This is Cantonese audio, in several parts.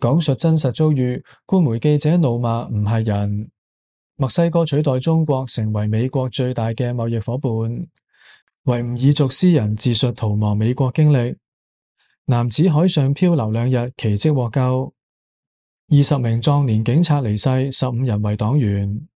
講述真實遭遇，官媒記者怒罵唔係人。墨西哥取代中國成為美國最大嘅貿易伙伴。維吾爾族詩人自述逃亡美國經歷。男子海上漂流兩日，奇蹟獲救。二十名壯年警察離世，十五人為黨員。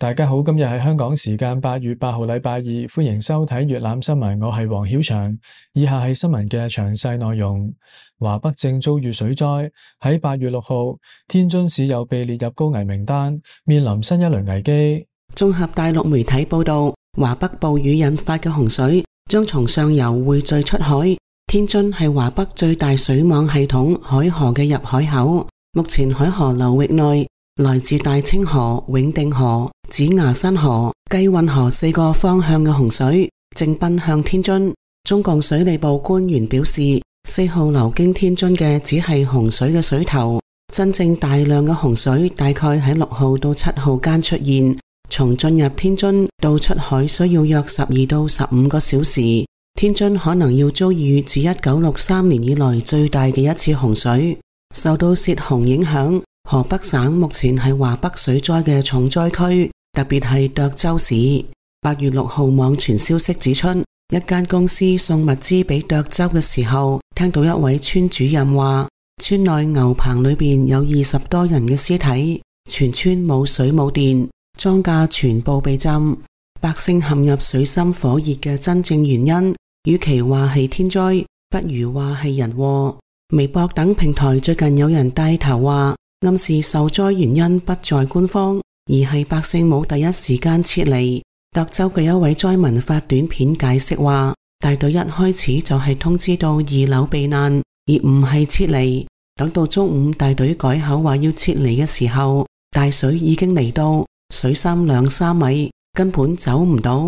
大家好，今日係香港時間八月八號禮拜二，歡迎收睇粵覽新聞，我係黃曉翔。以下係新聞嘅詳細內容：華北正遭遇水災，喺八月六號，天津市又被列入高危名單，面臨新一輪危機。綜合大陸媒體報道，華北暴雨引發嘅洪水將從上游匯聚出海，天津係華北最大水網系統海河嘅入海口，目前海河流域內。來自大清河、永定河、子牙新河、薊運河四個方向嘅洪水正奔向天津。中共水利部官員表示，四號流經天津嘅只係洪水嘅水頭，真正大量嘅洪水大概喺六號到七號間出現。從進入天津到出海需要約十二到十五個小時。天津可能要遭遇自一九六三年以來最大嘅一次洪水。受到洩洪影響。河北省目前係華北水災嘅重災區，特別係涿州市。八月六號網傳消息指出，一間公司送物資俾涿州嘅時候，聽到一位村主任話，村內牛棚裏邊有二十多人嘅屍體，全村冇水冇電，莊稼全部被浸，百姓陷入水深火熱嘅真正原因，與其話係天災，不如話係人禍。微博等平台最近有人帶頭話。暗示受災原因不在官方，而係百姓冇第一時間撤離。涿州嘅一位災民發短片解釋話：大隊一開始就係通知到二樓避難，而唔係撤離。等到中午大隊改口話要撤離嘅時候，大水已經嚟到，水深兩三米，根本走唔到。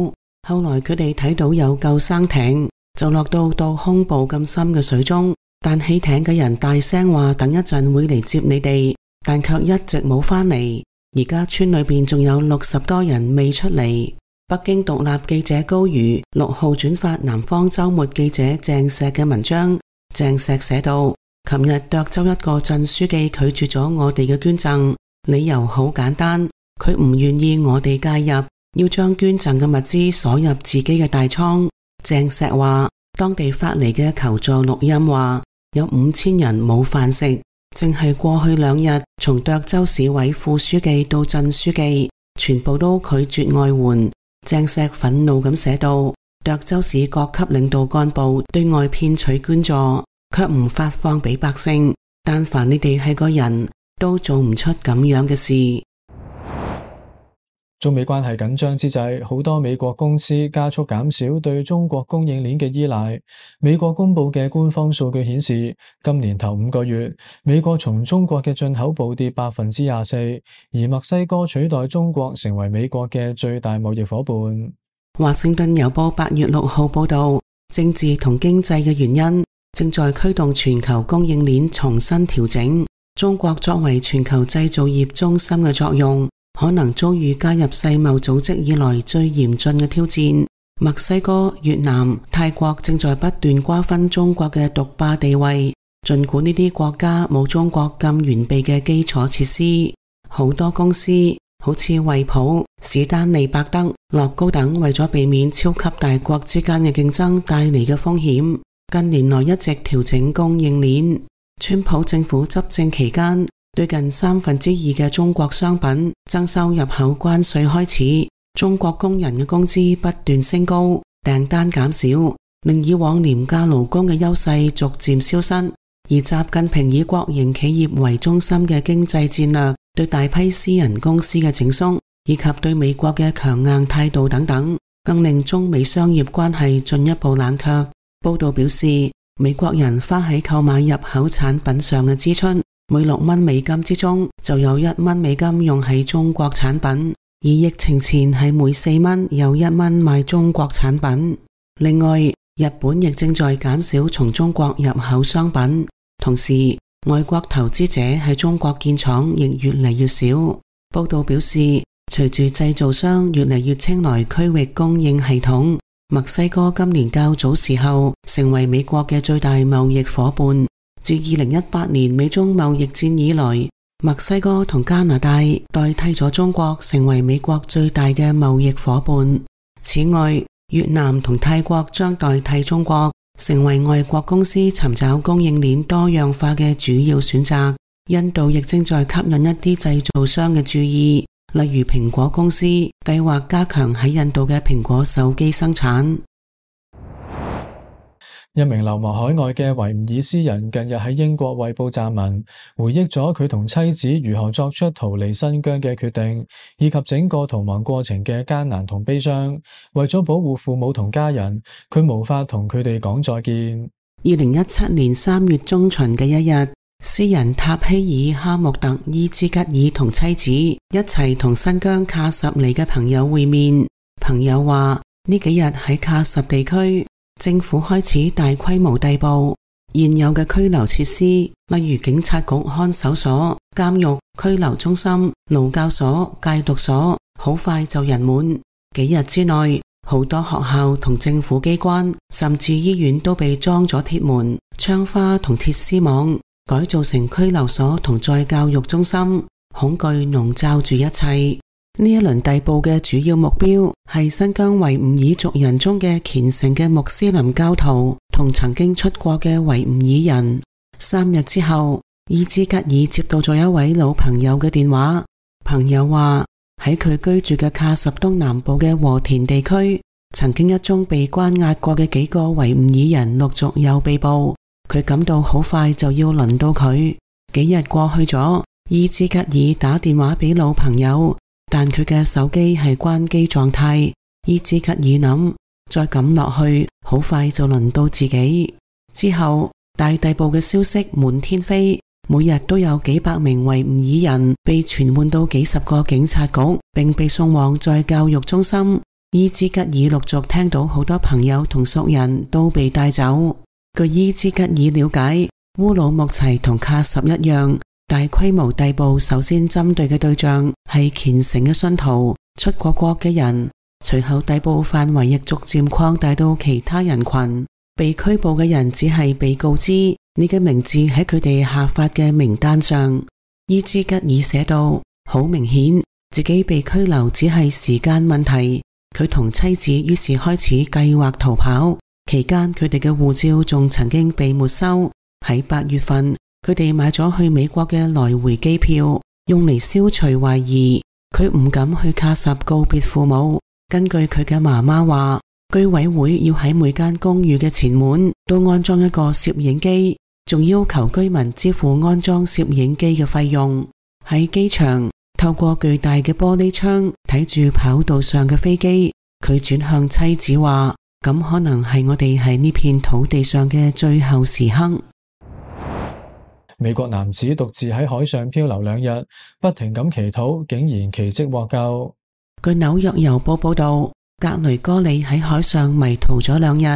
後來佢哋睇到有救生艇，就落到到胸部咁深嘅水中，但起艇嘅人大聲話：等一陣會嚟接你哋。但卻一直冇返嚟，而家村裏邊仲有六十多人未出嚟。北京獨立記者高瑜六號轉發南方周末記者鄭石嘅文章。鄭石寫道，琴日，涿州一個鎮書記拒絕咗我哋嘅捐贈，理由好簡單，佢唔願意我哋介入，要將捐贈嘅物資鎖入自己嘅大倉。鄭石話，當地發嚟嘅求助錄音話，有五千人冇飯食。正係過去兩日，從涿州市委副書記到鎮書記，全部都拒絕外援。鄭石憤怒咁寫到：涿州市各級領導幹部對外騙取捐助，卻唔發放俾百姓。但凡你哋係個人，都做唔出咁樣嘅事。中美關係緊張之際，好多美國公司加速減少對中國供應鏈嘅依賴。美國公布嘅官方數據顯示，今年頭五個月，美國從中國嘅進口暴跌百分之廿四，而墨西哥取代中國成為美國嘅最大貿易夥伴。華盛頓郵報八月六號報道，政治同經濟嘅原因正在驅動全球供應鏈重新調整，中國作為全球製造業中心嘅作用。可能遭遇加入世貿組織以來最嚴峻嘅挑戰。墨西哥、越南、泰國正在不斷瓜分中國嘅獨霸地位。儘管呢啲國家冇中國咁完備嘅基礎設施，好多公司好似惠普、史丹利、百得、樂高等，為咗避免超級大國之間嘅競爭帶嚟嘅風險，近年來一直調整供應鏈。川普政府執政期間，最對近三分之二嘅中國商品徵收入口關稅開始，中國工人嘅工資不斷升高，訂單減少，令以往廉價勞工嘅優勢逐漸消失。而習近平以國營企業為中心嘅經濟戰略，對大批私人公司嘅整松，以及對美國嘅強硬態度等等，更令中美商業關係進一步冷卻。報道表示，美國人花喺購買入口產品上嘅支出，每六蚊美金之中，就有一蚊美金用喺中國產品；而疫情前係每四蚊，有一蚊賣中國產品。另外，日本亦正在減少從中國入口商品，同時外國投資者喺中國建廠亦越嚟越少。報道表示，隨住製造商越嚟越青睞區域供應系統，墨西哥今年較早時候成為美國嘅最大貿易夥伴。自二零一八年美中貿易戰以來，墨西哥同加拿大代替咗中國成為美國最大嘅貿易夥伴。此外，越南同泰國將代替中國成為外國公司尋找供應鏈多樣化嘅主要選擇。印度亦正在吸引一啲製造商嘅注意，例如蘋果公司計劃加強喺印度嘅蘋果手機生產。一名流亡海外嘅維吾爾詩人近日喺英國衛報撰文，回憶咗佢同妻子如何作出逃離新疆嘅決定，以及整個逃亡過程嘅艱難同悲傷。為咗保護父母同家人，佢無法同佢哋講再見。二零一七年三月中旬嘅一日，詩人塔希爾哈木特伊茲吉爾同妻子一齊同新疆喀什嚟嘅朋友會面。朋友話：呢幾日喺喀什地區。政府開始大規模逮捕，現有嘅拘留設施，例如警察局、看守所、監獄、拘留中心、勞教所、戒毒所，好快就人滿。幾日之內，好多學校同政府機關，甚至醫院都被裝咗鐵門、窗花同鐵絲網，改造成拘留所同再教育中心，恐懼籠罩住一切。呢一輪逮捕嘅主要目標係新疆維吾爾族人中嘅虔誠嘅穆斯林教徒同曾經出過嘅維吾爾人。三日之後，伊茲吉爾接到咗一位老朋友嘅電話，朋友話喺佢居住嘅喀什東南部嘅和田地區，曾經一宗被關押過嘅幾個維吾爾人陸續又被捕。佢感到好快就要輪到佢。幾日過去咗，伊茲吉爾打電話俾老朋友。但佢嘅手機係關機狀態，伊茲吉爾諗，再咁落去，好快就輪到自己。之後大帝部嘅消息滿天飛，每日都有幾百名維吾爾人被傳喚到幾十個警察局，並被送往再教育中心。伊茲吉爾陸續聽到好多朋友同熟人都被帶走。據伊茲吉爾了解，烏魯木齊同喀什一樣。大規模逮捕首先針對嘅對象係虔誠嘅信徒、出過國嘅人，隨後逮捕範圍亦逐漸擴大到其他人群。被拘捕嘅人只係被告知你嘅、這個、名字喺佢哋下發嘅名單上。伊茲吉爾寫道：好明顯自己被拘留只係時間問題。佢同妻子於是開始計劃逃跑。期間佢哋嘅護照仲曾經被沒收。喺八月份。佢哋買咗去美國嘅來回機票，用嚟消除懷疑。佢唔敢去卡什告別父母。根據佢嘅媽媽話，居委會要喺每間公寓嘅前門都安裝一個攝影機，仲要求居民支付安裝攝影機嘅費用。喺機場透過巨大嘅玻璃窗睇住跑道上嘅飛機，佢轉向妻子話：咁可能係我哋喺呢片土地上嘅最後時刻。美國男子獨自喺海上漂流兩日，不停咁祈禱，竟然奇蹟獲救。據紐約郵報報道，格雷戈里喺海上迷途咗兩日，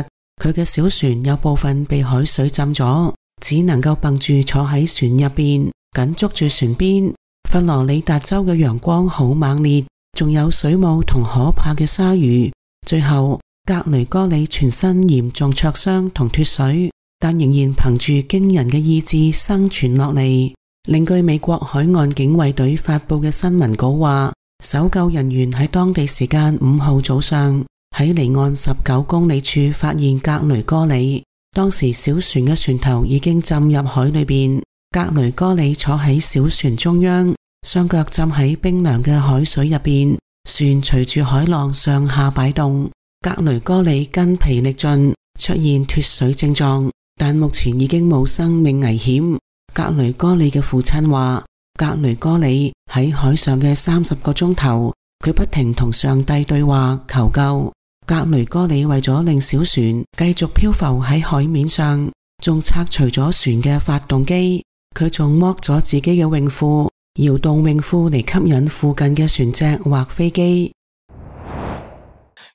佢嘅小船有部分被海水浸咗，只能夠掹住坐喺船入邊，緊捉住船邊。佛羅里達州嘅陽光好猛烈，仲有水母同可怕嘅鯊魚。最後，格雷戈里全身嚴重灼傷同脱水。但仍然憑住驚人嘅意志生存落嚟。另據美國海岸警衛隊發布嘅新聞稿話，搜救人員喺當地時間五號早上喺離岸十九公里處發現格雷戈里。當時小船嘅船頭已經浸入海裏邊，格雷戈里坐喺小船中央，雙腳浸喺冰涼嘅海水入邊。船隨住海浪上下擺動，格雷戈里筋疲力盡，出現脫水症狀。但目前已經冇生命危險。格雷戈里嘅父親話，格雷戈里喺海上嘅三十個鐘頭，佢不停同上帝對話求救。格雷戈里為咗令小船繼續漂浮喺海面上，仲拆除咗船嘅發動機，佢仲剝咗自己嘅泳褲，搖動泳褲嚟吸引附近嘅船隻或飛機。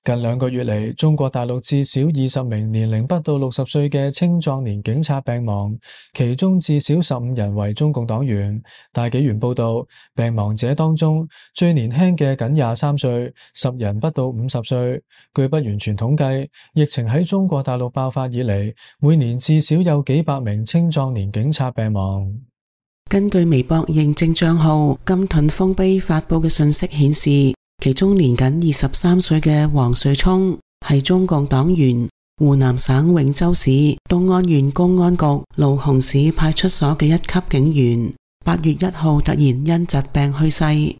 近兩個月嚟，中國大陸至少二十名年齡不到六十歲嘅青壯年警察病亡，其中至少十五人為中共黨員。大紀元報道，病亡者當中最年輕嘅僅廿三歲，十人不到五十歲。據不完全統計，疫情喺中國大陸爆發以嚟，每年至少有幾百名青壯年警察病亡。根據微博認證賬號金盾豐碑發布嘅信息顯示，其中年僅二十三歲嘅黃瑞聰係中共黨員，湖南省永州市東安縣公安局蘆洪市派出所嘅一級警員。八月一號突然因疾病去世。呢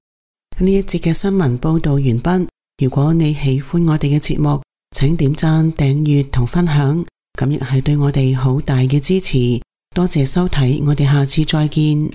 一節嘅新聞報道完畢。如果你喜歡我哋嘅節目，請點讚、訂閱同分享，咁亦係對我哋好大嘅支持。多謝收睇，我哋下次再見。